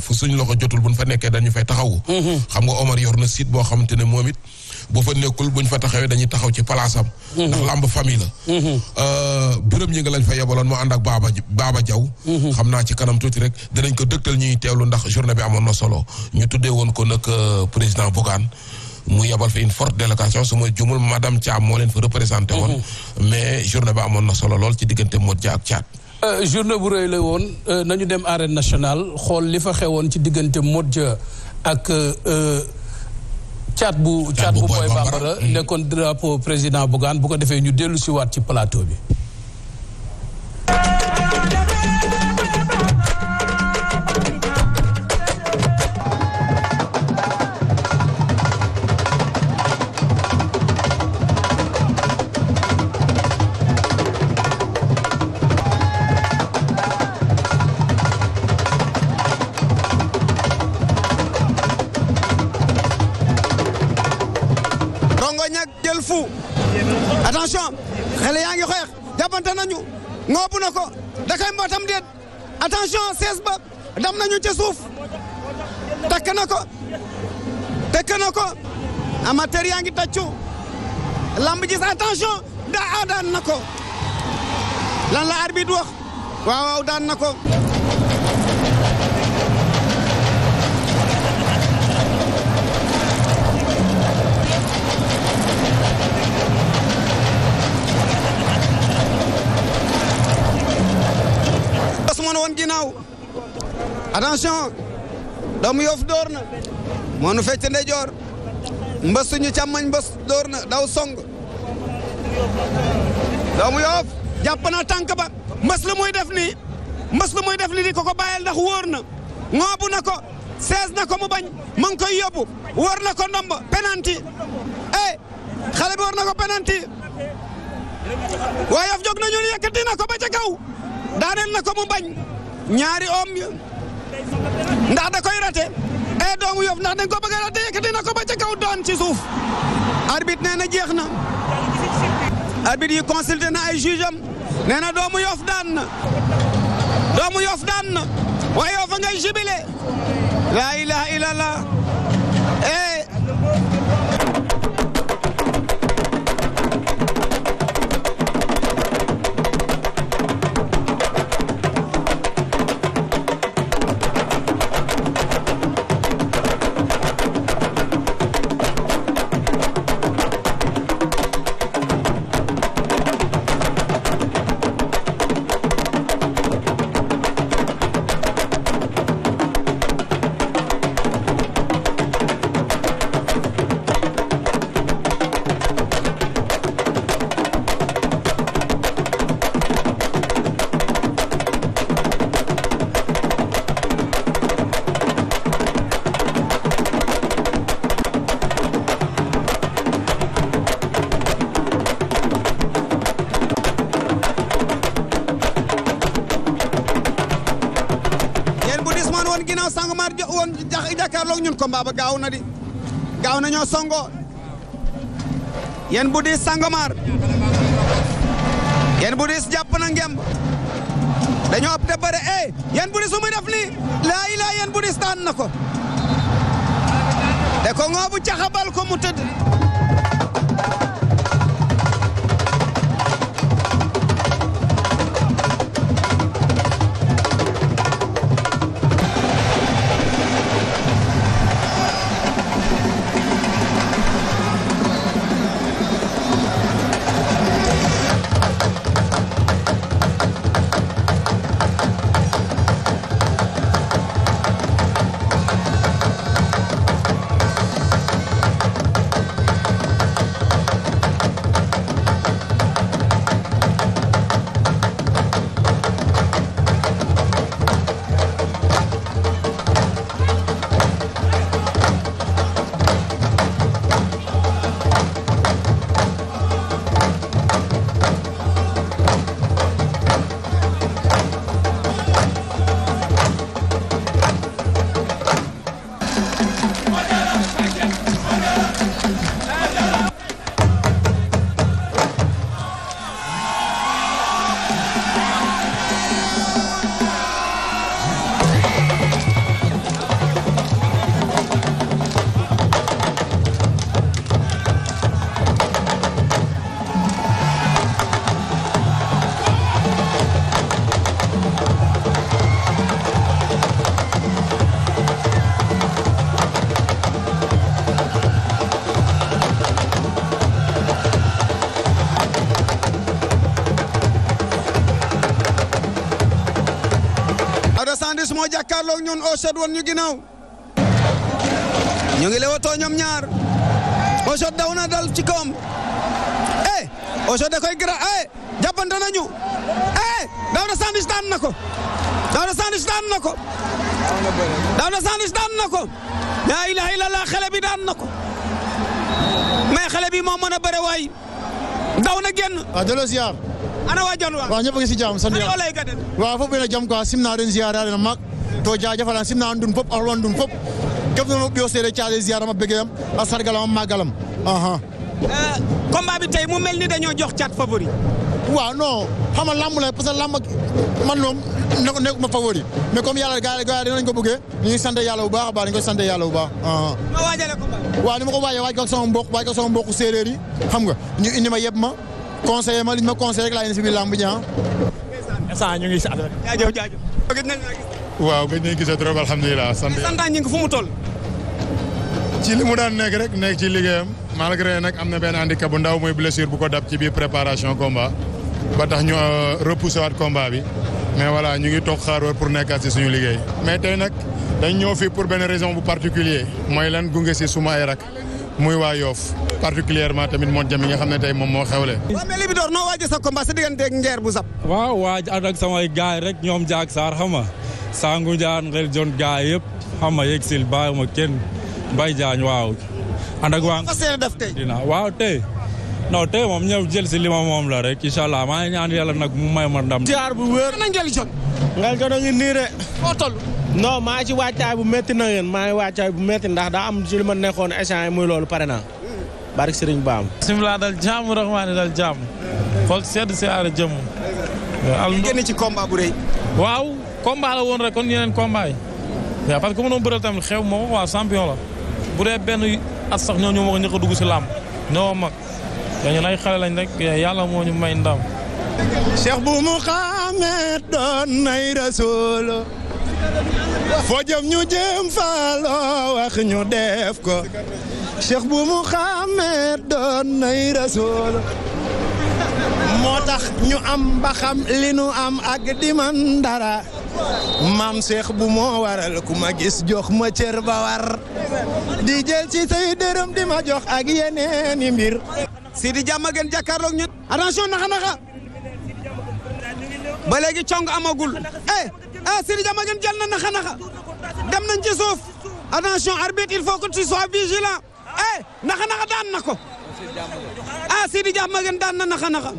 fu suñ loxo jotul buñ fa nekkee dañu fay taxawu mhm. xam nga Omar yor na site boo xamante ne moom it bu fa nekkul buñ fa taxawee dañuy taxaw ci palaasam mhm. ndax làmb famille la biram mhm. ñi euh, nga lañ fa yebaloon moo ànd ak baaba baaba jaw xam naa ci kanam tuuti rek dinañ ko dëkkal ñuy teelu ndax journée bi amoon na solo ñu tuddee woon ko nag euh, président Bougane mu yebal fi une forte délégation su ma jumul madame Thiam moo leen fa représenté woon mais journée bi amoon na solo lool ci diggante Modou Dia ak Thiat Euh, journée bu rëy la woon euh, nañu dem arène national xool li fa xewoon ci diggante Modja ak euh, caat bu caat bu Boy Bambara nekkoon drapeau président Bougane bu ko defee ñu dellu si waat ci plateau bi xale yaa ngi xeex jàppante nañu ngoobu na ko da koy mbootam déet attention sees ba dam nañu ci suuf takk na ko takk na ko amateur yaa ngi tàccu lamb gis attention daa daan na ko lan la arbitre wax waaw waaw daan na ko moo nu woon ginnaaw attention doomu Yoff door na moo nu fecc ndeyjoor mbës suñu càmmoñ mbës door na daw song doomu Yoff jàpp na tànk ba mbës la muy def nii mbës la muy def nii di ko ko bàyyil ndax wóor na ŋoobu na ko sees na ko mu bañ ma ngi koy yóbbu war na ko ndomb penanti eh xale bi war na ko penanti waaye Yoff jóg na ñun yëkkati na ko ba ca daaneel na ko mu bañ ñaari oom ndax da koy rate ay e doomu Yoff ndax dañ ko bëgg a rate yëkkati ko ba ca doon ci suuf arbitre nee na jeex na arbitre yi consulté na ay juge am na doomu Yoff daan na doomu Yoff daan na waaye Yoff a ngay jibile laa ilaha nga maar woon jàkkaarloog ñun combat gaaw na di gaaw na bu diis Sangomar yéen bu diis jàpp na ngemb dañoo opté bëre eh yéen bu diis su def nii laa ilaa yéen bu diis na ko te ko ngoobu caxabal ko mu tëdd moo jàkkaarloog ñun Ochot woon ñu ginnaaw ñu ngi lewatoo ñoom ñaar Ochot daw na dal ci kawam eh Ochot da koy gra eh jàppante nañu eh daw na sandwich daan na ko daw na sandwich daan na ko daw na sandwich daan na ko laa ilaha illallah xale bi daan na ko mais bi moo mën a bëre waay daw na génn waaw delloo ziar waa jon waa a ngi si jàmm sant yàlla waaw foofu benn jàmm quoi sim naa leen ziar yaa mag to jajafaɗam sinna an ɗum fof a holwan ɗum fof kefnono ɓiyo seeɗe caale giyarama begueyam a sargalam a magalam ahan euh, combat bi tey mu mel ni dañoo jox cat favori waaw non xama lamb la parce que lamb man moom nekkuma favori mais comme yàlla gaa gaa dinañ ko bëggee ñu ngi sant yàlla bu baax a baax dañ ko sant yàlla bu baax ma waajale ko waaw ni ma ko waajee waaj ko ak sama mbokk waaj ko ak sama mbokk séeréer yi xam nga ñu indi ma yëpp ma conseiller ma li ma conseillé rek laa indi si biir lamb ah. ngi si bi waaw gëj nañu gisee trop alhamdulilah. sant yàlla fu mu toll. ci li mu daan nekk rek nekk ci liggéeyam malgré nag am na benn handicap bu ndaw mooy blessure bu ko dab ci biir préparation komba ba tax ñu euh, repousser waat combat bi mais voilà ñu ngi toog xaar war pour nekkaat si suñu liggéey. mais tey nag dañ ñëw fii pour benn raison bu particulier mooy lan gunge si suma ay rak muy waa Yoff particulièrement tamit moo jëm yi nga xam ne tey moom moo xewle. le mais Libidor noo waaj sa combat sa digganteeg bu zap. waaw waaj ànd ak samay rek ñoom jaag saar xam Sangu Jaan Ngel Jon gaa yëpp xam nga yegg sil bàyyi ma kenn Mbaye Diagne waaw. def tey dina waaw tey. non tey moom ñëw jël si li moom la rek incha allah maa ñaan yàlla nag mu may ma ndam. jaar bu wér na Ngel Jon. Ngel Jon a ngi nii de. foo toll. non maa ngi ci wàccaay bu métti na ngeen maa ngi wàccaay bu métti nekkoon échange yi loolu pare naa. barke Serigne Ba am. bisimilah dal jàmm rahmaani dal jàmm. xool sedd si aar jëmm. alhamdulilah waaw. combat la woon rek kon yeneen combat yi waaw parce que ku ma doon bëral tamit xew moo ko waa champion la bu dee benn at ñu ma ko ñëkk a dugg si làmb ñoo mag ñun ay xale lañ moo ñu may ndam. def ko Cheikh bu Mouhamed doon nay moo tax ñu am ba li nu am ak di maam Cheikh bu moo waral ku ma gis jox ma cër ba war di jël ci say dërëm di ma jox ak yeneen i mbir. Sidi Diama gën jàkkaarloog naxa naxa. ba léegi cong amagul. eh eh Sidi Diama gën jël na naxa naxa. dem nañ ci suuf. attention il faut que tu sois vigilant. Eh, naxa naxa daan na ko. ah Sidi Diama daan na naxa naxa.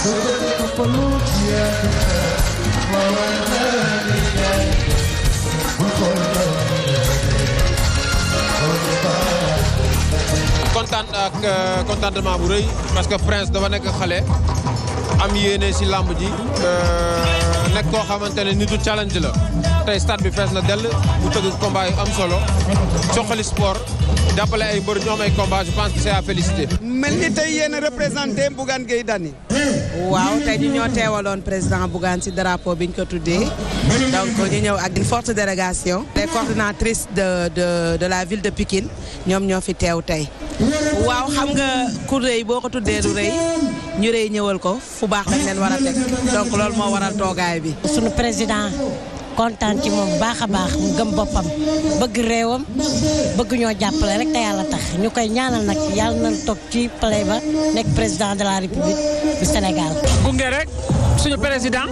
Serdeka peluk dia kontaan ak euh, contentement bu rëy parce que Prince dafa nekk xale am yéene ci làmb ji euh, nekk koo xamante ne nitu challenge la tey stade bi fees na dell bu tëgg combat yu a représenté Bougane waaw tey ñu ñoo teewaloon président Bougane ci drapeau biñ ko tuddee donc ñu ñëw ak une forte délégation. de de de la ville de Pikine ñoom ñoo fi teew tey. waaw xam nga ku rëy boo ko tuddee lu rëy ñu rëy ñëwal ko fu baax dañ leen war teg donc loolu moo waral toogaay bi. sunu président. kontaan ci moom baax a baax mu gëm boppam bëgg réewam bëgg ñoo jàppale rek te yàlla tax ñu koy ñaanal nag yàlla na toog ci palais ba nekk président de la république du Sénégal. gunge rek suñu président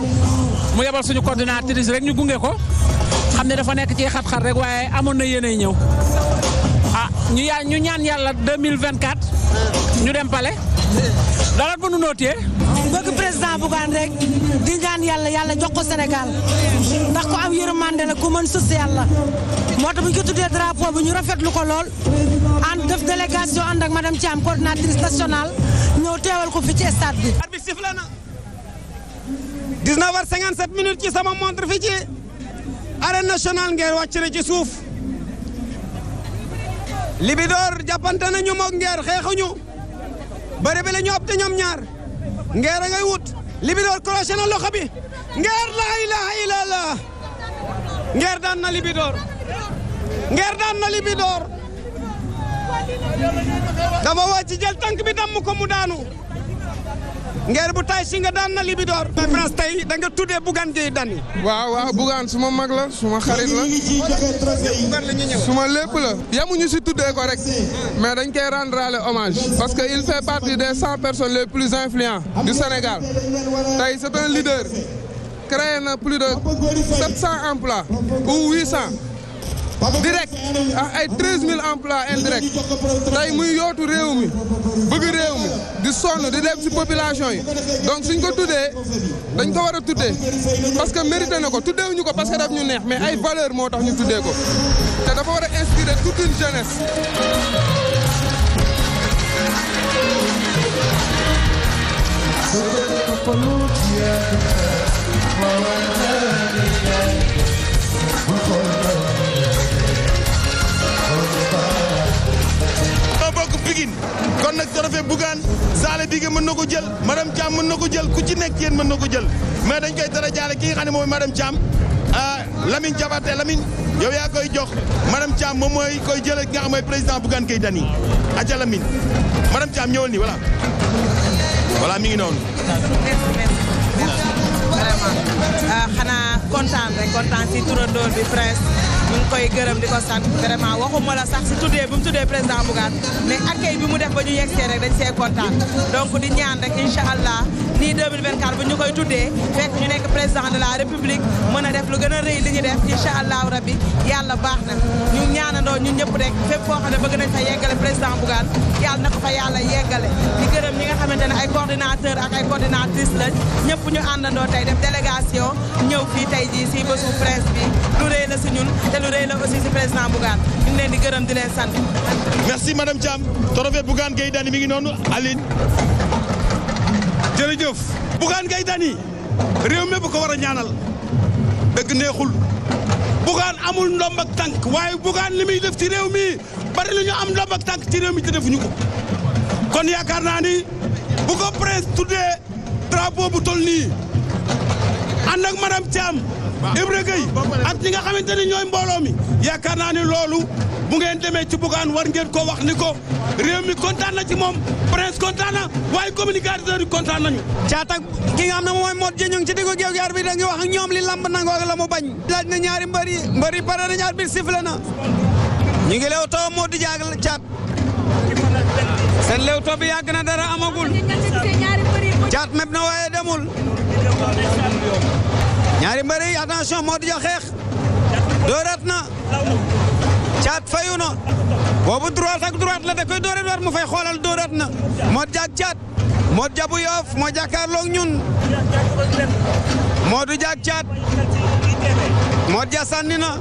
mu yebal suñu coordinatrice rek ñu gunge ko xam ne dafa nekk ci xat-xat rek waaye amoon na yéenay ñëw ah ñu ñu ñaan yàlla 2024 ñu dem palais dara mënu nootee. bëgg président Bougane rek di yàlla yàlla jox ko Sénégal ndax ko am yërmande la ku mën social la moo tax bu ñu ko tuddee drapeau bi ñu rafetlu ko lool ànd def délégation ànd ak madame Thiam coordinatrice nationale ñëw teewal ko fi ci stade bi. arbitre sifflé ci sama montre fi ci arène nationale ngeer wàcc na ci suuf Libidor jàppante nañu moog ngeer xeexuñu bëri bi la ñu opté ñoom ñaar. ngeer a ngay wut libidoor crochet na loxo bi ngeer laa ilaha illallah ngeer daan na libidoor ngeer daan na libidoor dafa wàcc jël tànk bi damm ko mu daanu ngeer bu tay si nga daan na Libidor. France tey da nga tuddee Bougane Gueye Dany. waaw waaw Bougane suma mag la suma xarit la. suma lépp la. yamuñu si tuddee ko rek. mais dañ koy rendre hommage. parce que il fait partie des cent personnes les plus influents du Sénégal. tey c'est un leader. créé na plus de sept cent emplois ou huit cent. direct ak ah, mille emplois indirects. tey muy yootu réew mi bëgg réew mi. di sonn di dem si population yi donc suñ ko tuddee dañ ko war a tuddee parce que mérité ko tuddeewuñu ko parce que daf ñu neex mais ay valeur moo tax ñu tuddee ko te dafa war a inspirer toute une jeunesse. nag trophée Bougane Zale Bigue mën na ko jël madame Thiam mën na ko jël ku ci nekk yéen mën na ko jël mais dañ koy dara jaale ki nga xam ne mooy madame Thiam ah Lamine Diabaté Lamine yow yaa koy jox madame Thiam moom mooy koy jël ki nga xam mooy président Bougane Gueye Dany aja Lamine madame Thiam ñëwal nii voilà voilà mi ngi noonu. vraiment ah, xanaa ñu ngi koy gërëm di ko sant vraiment waxuma la sax si tuddee bi mu tuddee président Bougane mais accueil bi mu def ba ñu yegsee rek dañ see kontaan donc di ñaan rek incha allah nii 2024 bu ñu koy tuddee fekk ñu nekk président de la république mën a def lu gën a rëy li ñu def incha allahu rabbi yàlla baax na ñu ñaanandoo ñu ñëpp rek fépp foo xam ne bëgg nañ fa yeggale président Bougane yàlla na ko fa yàlla yeggale di gërëm ñi nga xamante ne ay coordinateur ak ay coordinatrice lañ ñëpp ñu àndandoo tey def délégation ñëw fii tey jii si bésu presse te lu rëy la aussi si président Bougane ñu ngi leen gërëm di leen sant. merci madame Thiam trophée Bougane Gueye Dany mi ngi noonu Aline. jërëjëf. Bougane Gueye réew mi ko war a ñaanal dëgg neexul Bougane amul ndomb tànk waaye Bougane ci réew mi bari lu ñu am ndomb ak tànk ci réew mi te defuñu ko kon yaakaar naa ni bu ko presse drapeau bu toll nii. ànd ak madame Thiam Ibra Gueye ak ñi nga xamante ni ñooy mbooloo mi yaakaar naa ni loolu bu ngeen demee ci Bougane war ngeen ko wax ni ko réew mi kontaan na ci moom prince kontaan na waaye communicateur yi kontaan nañu. caatak ki nga xam ne mooy Modou Dieng ñu ngi ci diggu géew gi arbitre da ngi wax ak ñoom li lamb nangoo ak la mu laaj na ñaari mbër yi mbër yi pare nañu arbitre sifflé na ñu ngi leew taw Modou Dieng ak caat seen leew taw bi yàgg na dara amagul. caat meb na waaye damul ñaari mbër yi attention moo xeex doorat na caat fayu na boobu droite ak droite la da koy doorat mu fay xoolal doorat na moo di jaag caat moo di jabu yoof moo jàkkaarloog ñun jaag caat Modou Dia sànni na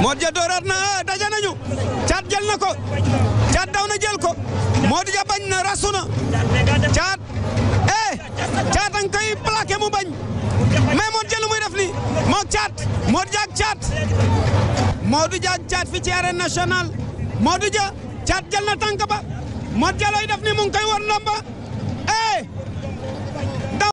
Modou Dia dooraat na eh, daje nañu caat jël na ko caat daw na jël ko Modou Dia bañ na rasu na caat eh caat a ngi koy mu bañ mais Modou Dia lu muy def nii moo caat Modou Dia caat Modou Dia caat fii ci arène nationale Modou caat jël na tànk ba Modou Dia looy def nii mu ngi koy war ndomba eh.